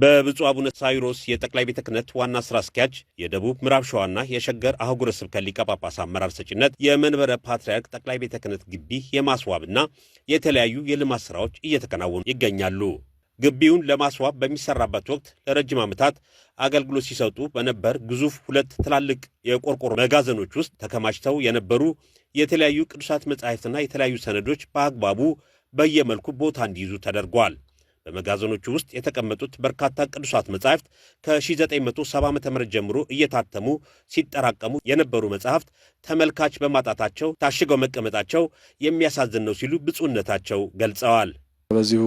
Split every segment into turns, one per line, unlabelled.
በብፁዕ አቡነ ሳይሮስ የጠቅላይ ቤተ ክህነት ዋና ስራ አስኪያጅ የደቡብ ምዕራብ ሸዋና የሸገር አህጉረ ስብከት ሊቀ ጳጳስ አመራር ሰጭነት የመንበረ ፓትርያርክ ጠቅላይ ቤተ ክህነት ግቢ የማስዋብና የተለያዩ የልማት ስራዎች እየተከናወኑ ይገኛሉ። ግቢውን ለማስዋብ በሚሰራበት ወቅት ለረጅም ዓመታት አገልግሎት ሲሰጡ በነበር ግዙፍ ሁለት ትላልቅ የቆርቆሮ መጋዘኖች ውስጥ ተከማችተው የነበሩ የተለያዩ ቅዱሳት መጻሕፍትና የተለያዩ ሰነዶች በአግባቡ በየመልኩ ቦታ እንዲይዙ ተደርጓል። በመጋዘኖቹ ውስጥ የተቀመጡት በርካታ ቅዱሳት መጻሕፍት ከ1970 ዓ ም ጀምሮ እየታተሙ ሲጠራቀሙ የነበሩ መጻሕፍት ተመልካች በማጣታቸው ታሽገው መቀመጣቸው የሚያሳዝን ነው ሲሉ ብፁዕነታቸው ገልጸዋል።
በዚሁ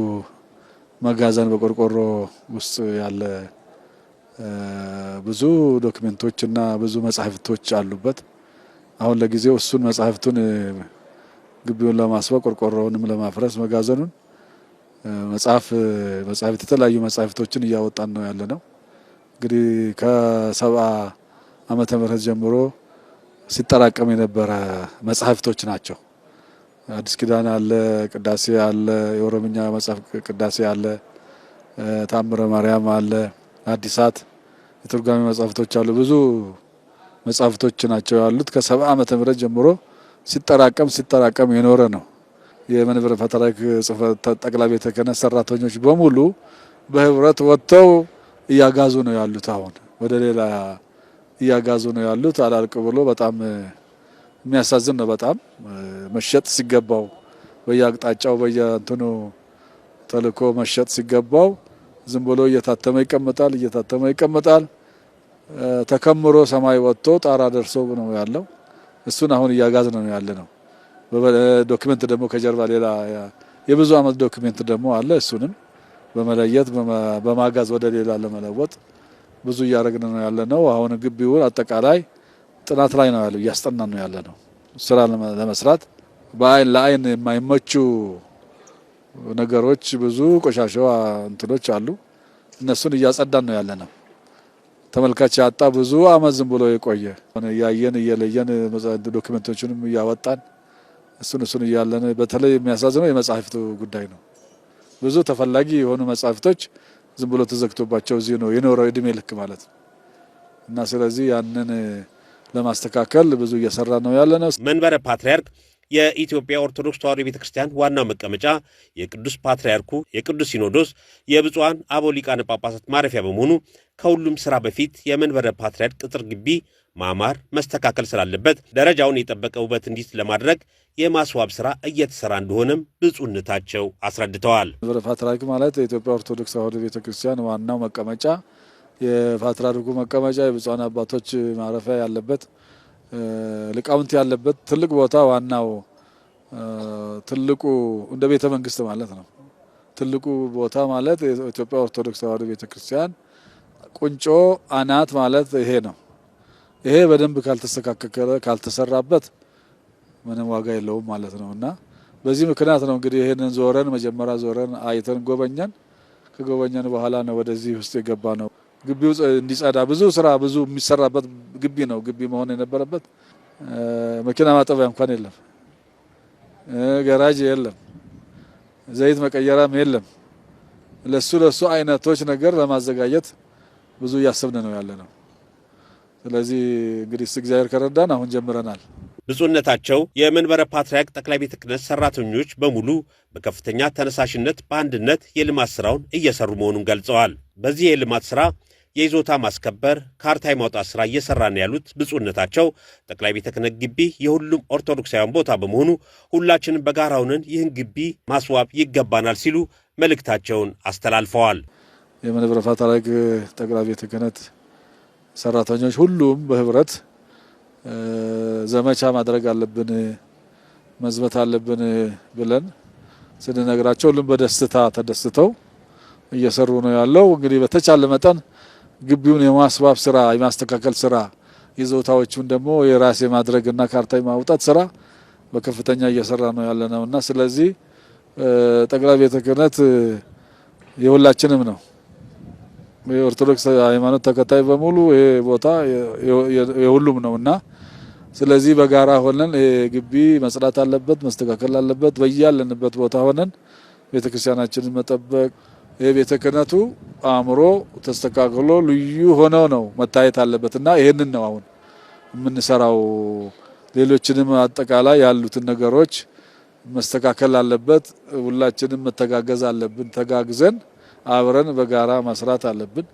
መጋዘን በቆርቆሮ ውስጥ ያለ ብዙ ዶክመንቶች እና ብዙ መጻሕፍቶች አሉበት። አሁን ለጊዜው እሱን መጻሕፍቱን ግቢውን ለማስዋብ ቆርቆሮውንም ለማፍረስ መጋዘኑን መጽሐፍ መጽሐፍ የተለያዩ መጽሐፍቶችን እያወጣን ነው ያለ ነው። እንግዲህ ከሰባ ዓመተ ምህረት ጀምሮ ሲጠራቀም የነበረ መጽሐፍቶች ናቸው። አዲስ ኪዳን አለ፣ ቅዳሴ አለ፣ የኦሮምኛ መጽሐፍ ቅዳሴ አለ፣ ታምረ ማርያም አለ፣ አዲሳት የትርጓሚ መጽሐፍቶች አሉ። ብዙ መጽሐፍቶች ናቸው ያሉት። ከሰባ ዓመተ ምህረት ጀምሮ ሲጠራቀም ሲጠራቀም የኖረ ነው። የመንበረ ፓትርያርክ ጽሕፈት ጠቅላይ ቤተ ክህነት ሰራተኞች በሙሉ በህብረት ወጥተው እያጋዙ ነው ያሉት። አሁን ወደ ሌላ እያጋዙ ነው ያሉት። አላልቅ ብሎ በጣም የሚያሳዝን ነው። በጣም መሸጥ ሲገባው በየአቅጣጫው በየእንትኑ ተልኮ መሸጥ ሲገባው ዝም ብሎ እየታተመ ይቀመጣል፣ እየታተመ ይቀመጣል። ተከምሮ ሰማይ ወጥቶ ጣራ ደርሶ ነው ያለው። እሱን አሁን እያጋዝ ነው ያለ ነው። ዶክመንት ደግሞ ከጀርባ ሌላ የብዙ አመት ዶክመንት ደግሞ አለ። እሱንም በመለየት በማጋዝ ወደ ሌላ ለመለወጥ ብዙ እያደረግን ነው ያለ ነው። አሁን ግቢውን አጠቃላይ ጥናት ላይ ነው ያለው፣ እያስጠናን ነው ያለ ነው። ስራ ለመስራት በአይን ለአይን የማይመቹ ነገሮች ብዙ ቆሻሻዋ እንትኖች አሉ። እነሱን እያጸዳን ነው ያለ ነው። ተመልካች ያጣ ብዙ አመት ዝም ብሎ የቆየ እያየን እየለየን ዶክመንቶችንም እያወጣን እሱን እሱን እያለን በተለይ የሚያሳዝነው የመጽሐፍቱ ጉዳይ ነው። ብዙ ተፈላጊ የሆኑ መጽሐፍቶች ዝም ብሎ ተዘግቶባቸው እዚሁ ነው የኖረው እድሜ ልክ ማለት ነው እና ስለዚህ ያንን ለማስተካከል ብዙ እየሰራ ነው ያለነው
መንበረ ፓትርያርክ የኢትዮጵያ ኦርቶዶክስ ተዋሕዶ ቤተ ክርስቲያን ዋናው መቀመጫ የቅዱስ ፓትርያርኩ የቅዱስ ሲኖዶስ የብፁዓን አበው ሊቃነ ጳጳሳት ማረፊያ በመሆኑ ከሁሉም ስራ በፊት የመንበረ ፓትርያርክ ቅጥር ግቢ ማማር፣ መስተካከል ስላለበት ደረጃውን የጠበቀ ውበት እንዲት ለማድረግ የማስዋብ ስራ እየተሰራ እንደሆነም ብፁዕነታቸው አስረድተዋል።
መንበረ ፓትርያርክ ማለት የኢትዮጵያ ኦርቶዶክስ ተዋሕዶ ቤተ ክርስቲያን ዋናው መቀመጫ የፓትርያርኩ መቀመጫ የብፁዓን አባቶች ማረፊያ ያለበት ሊቃውንት ያለበት ትልቅ ቦታ ዋናው ትልቁ እንደ ቤተ መንግስት ማለት ነው። ትልቁ ቦታ ማለት የኢትዮጵያ ኦርቶዶክስ ተዋሕዶ ቤተ ክርስቲያን ቁንጮ አናት ማለት ይሄ ነው። ይሄ በደንብ ካልተስተካከለ ካልተሰራበት ምንም ዋጋ የለውም ማለት ነው እና በዚህ ምክንያት ነው እንግዲህ ይህንን ዞረን መጀመሪያ ዞረን አይተን ጎበኘን። ከጎበኘን በኋላ ነው ወደዚህ ውስጥ የገባ ነው። ግቢው እንዲጸዳ ብዙ ስራ ብዙ የሚሰራበት ግቢ ነው። ግቢ መሆን የነበረበት መኪና ማጠቢያ እንኳን የለም፣ ገራጅ የለም፣ ዘይት መቀየራም የለም። ለሱ ለሱ አይነቶች ነገር ለማዘጋጀት ብዙ እያሰብን ነው ያለ ነው። ስለዚህ እንግዲህ ስ እግዚአብሔር ከረዳን አሁን ጀምረናል።
ብፁዕነታቸው የመንበረ ፓትርያርክ ጠቅላይ ቤተ ክህነት ሰራተኞች በሙሉ በከፍተኛ ተነሳሽነት በአንድነት የልማት ስራውን እየሰሩ መሆኑን ገልጸዋል። በዚህ የልማት ስራ የይዞታ ማስከበር ካርታ የማውጣት ስራ እየሰራ ነው ያሉት ብፁዕነታቸው ጠቅላይ ቤተ ክህነት ግቢ የሁሉም ኦርቶዶክሳውያን ቦታ በመሆኑ ሁላችንም በጋራ ሆነን ይህን ግቢ ማስዋብ ይገባናል ሲሉ መልእክታቸውን አስተላልፈዋል።
የመንበረ ፓትርያርክ ጠቅላይ ቤተ ክህነት ሰራተኞች ሁሉም በህብረት ዘመቻ ማድረግ አለብን፣ መዝበት አለብን ብለን ስንነግራቸው ሁሉም በደስታ ተደስተው እየሰሩ ነው ያለው። እንግዲህ በተቻለ መጠን ግቢውን የማስዋብ ስራ፣ የማስተካከል ስራ፣ ይዞታዎቹን ደግሞ ማድረግ እና ካርታ የማውጣት ስራ በከፍተኛ እየሰራ ነው ያለ ነው እና ስለዚህ ጠቅላይ ቤተ ክህነት የሁላችንም ነው። የኦርቶዶክስ ሃይማኖት ተከታይ በሙሉ ይሄ ቦታ የሁሉም ነው እና ስለዚህ በጋራ ሆነን ግቢ መጽዳት አለበት፣ መስተካከል አለበት። በያለንበት ቦታ ሆነን ቤተክርስቲያናችንን መጠበቅ የቤተ ክህነቱ አእምሮ ተስተካክሎ ልዩ ሆኖ ነው መታየት አለበት እና ይህንን ነው አሁን የምንሰራው። ሌሎችንም አጠቃላይ ያሉትን ነገሮች መስተካከል አለበት። ሁላችንም መተጋገዝ አለብን። ተጋግዘን አብረን በጋራ መስራት አለብን።